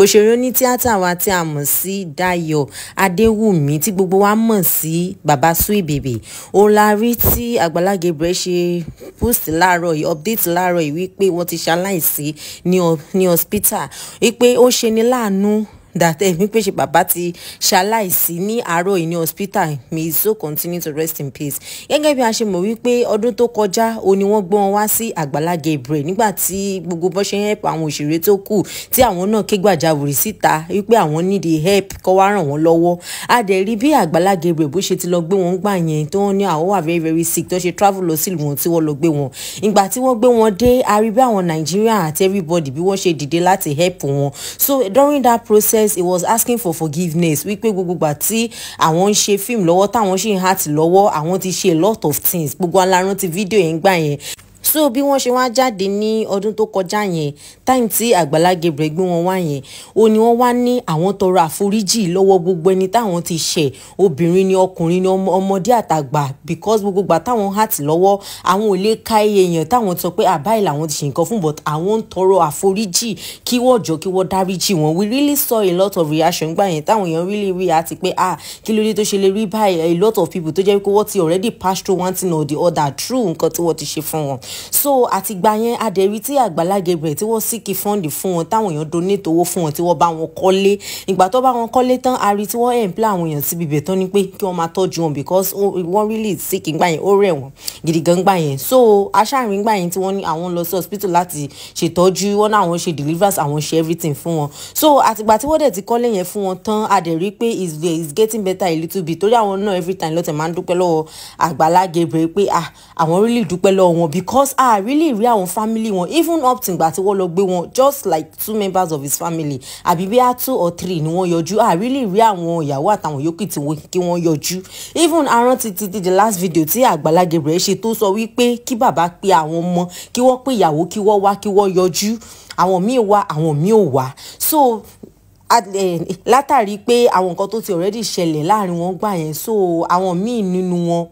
òṣèré onítìátà wa tí a mọ̀ sí Dayọ̀ Adéwùmí tí gbogbo wa mọ̀ sí Baba Suebebe òun tí Àgbàlá Gabriel ṣe post láàárọ̀ yìí update láàárọ̀ yìí wípé wọ́n ti ṣaláìsí ní hospital wípé ó ṣe ni láàánú that ẹ̀mí eh, pèsè bàbá ti ṣaláìsí ní àárọ̀ yìí ní hospital may so continue to rest in peace. gẹ́gẹ́ bí a ṣe mọ̀ wípé ọdún tó kọjá o ni wọ́n gbé wọn wá sí Àgbàlá Gabriel nígbà tí gbogbo bó ṣe ń help àwọn òṣèré tó kù tí àwọn náà ké gbàjáwìrì síta wípé àwọn need help kó wá ràn wọ́n lọ́wọ́. a dẹ̀ rí bí Àgbàlá Gabriel bó ṣe ti lọ gbé wọn gbà yẹn tó ní àwọn wà very very sick tó ṣe travel lọ sílùú wọn tí so during that process forgiveness he was asking for forgiveness wípé gbogbo gbà tí àwọn ń ṣe fíìmù lọ́wọ́ táwọn ṣì ń hàtì lọ́wọ́ àwọn ti ṣe a lot of things gbogbo alárántí fídíò yẹn gbà yẹn so bí wọ́n ṣe wá jáde ní ọdún tó kọjá yẹn táìmù tí Àgbàlá Gabriel gbé wọn wá yẹn ó ní wọ́n wá ní àwọn tọrọ àforíjì lọ́wọ́ gbogbo ẹni táwọn ti ṣẹ̀ obìnrin ni ọkùnrin ni ọmọdé àtàgbà because gbogbo gbà táwọn hàt lọ́wọ́ àwọn ò lè ka iye èèyàn táwọn sọ pé àbáyé làwọn ti ṣe nǹkan fún but àwọn ń tọrọ àforíjì kí wọ́n jọ kí wọ́n dáríjì wọn we really saw a lot of reaction gbà yẹn táwọn èèyàn really rí àti pé ah kí ló dé tó ṣe lè rí báyìí a lot of people tó jẹ́ pé wọ́n ti already passed through one thing or the other true. nǹkan tí wọ́n ti ṣe fún wọn so àtìgbà yẹn adẹ̀rí tí Àgbàlá Gabriel tí wọ́n síkì fọ́ǹdì fún wọn táwọn èèyàn donate owó fún wọn tí wọ́n bá wọn kọ́lé ìgbà tó bá wọn kọ́lé tán a rí tí wọ́n employ àwọn èèyàn síbi ibẹ̀ tán ni pé kí wọ́n máa tọ́jú wọn because wọ́n really sick ngbà yẹn ó rẹ̀ wọ́n gidi gan ngbà yẹn so aṣáàrin ngbà yẹn tí wọ́n ní àwọn lọ sí hospital láti ṣètọ́jú wọn náà àwọn ṣe deliverance àwọn ṣe everything fún wọn so àtìgbà tí wọ́n dẹ̀ ti kọ́lé yẹn fún wọn tán adẹ̀rí pé is getting better a little bit torí àwọn náà every time lọ́tẹ̀ máa ń dúpẹ́ lọ́wọ́ Àgbàlá Gabriel pé ah àwọn really dúpẹ́ lọ́wọ́ wọn because Ah, a really rí àwọn family wọn even up till ìgbà tí wọ́n lọ gbé wọn just like two members of his family àbí bí a two or three ni wọ́n yọjú a really rí àwọn ìyàwó àtàwọn yòókù tí wọ́n kí wọ́n yọjú even aran ti ti the last video tí Àgbàlá Gabriel ṣe tó sọ wípé kí bàbá pe àwọn ọmọ kí wọ́n pe ìyàwó kí wọ́n wá kí wọ́n yọjú àwọn míì wá àwọn míì ò wá so eh, látàrí pé àwọn nǹkan tó ti already ṣẹlẹ̀ láàrin wọn gbà yẹn so àwọn míì nínú wọn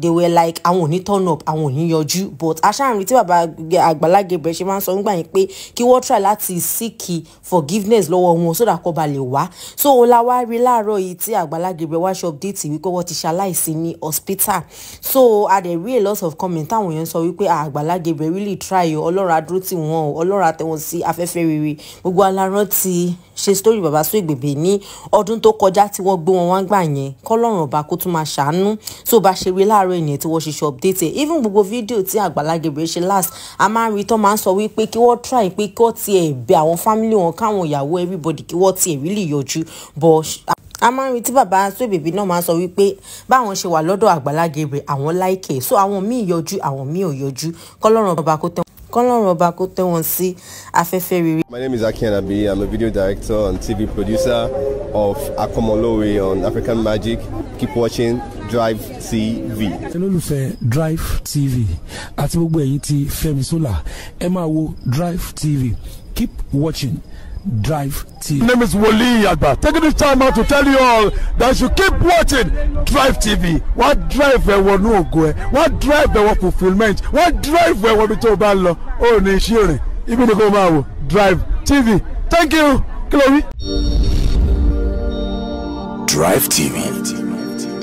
they were like àwọn ò ní turn up àwọn ò ní yọjú but aṣáàrin tí bàbá Àgbàlá Gabriel ṣe máa ń sọ nígbà yẹn pé kí wọ́n try láti seek forgiveness lọ́wọ́ wọn sódà kó ba lè wá so òun la wá rí láàárọ̀ yìí tí Àgbàlá Gabriel wá ṣe update wípé wọ́n ti ṣaláìsí ní hospital so I dẹ̀ rí a lot of comments. táwọn èèyàn sọ wípé ah, Àgbàlá Gabriel really try o ọlọ́run á dúró wọ́n ọlọ́run á sí afẹ́fẹ́ rere gbogbo aláran ti ṣe story bàbá sún ìgbèbè ní ọdún tó kọjá tí wọ́n gbé wọn wá gbà yẹn kọ́lọ́run ọba kó tún máa ṣàánú so bá ṣe rí láàárọ̀ sáré yẹn tí wọ́n ṣiṣẹ́ update ẹ̀ even gbogbo fídíò tí Àgbàlá ṣe last a máa ń rí tán máa ń sọ wípé kí wọ́n try pé kí wọ́n tiẹ̀ bẹ àwọn family wọn káwọn ìyàwó everybody kí wọ́n tiẹ̀ really yọjú but a máa ń rí tí bàbá tó bèbí náà máa ń sọ wípé báwọn ṣe wà lọ́dọ̀ Àgbàlá àwọn láìkè so àwọn míì yọjú àwọn míì ò yọjú kọ́lọ́run ọba kó tẹ́ wọn sí afẹ́fẹ́ rere. My name is Akin Abi. I'm a video director and TV producer of Akomolowe on African Magic. Keep watching drive tv. olólùfẹ́ drive tv àti gbogbo ẹ̀yin ti Fẹ́mi Sola ẹ máa wo drive tv keep watching Drive TV. My name is Wole Agba. Taking this time out to tell you all that you keep watching Drive TV. Wọ́n drive ẹ̀wọ̀ ní ògo ẹ̀, wọ́n drive ẹ̀wọ̀ fulfilment, wọ́n drive ẹ̀wọ̀ bí tó o bá lọ, ó ní iṣẹ́ òrìn, ibi ni kò máa wò Drive TV. Thank you, Chloe. Drive TV.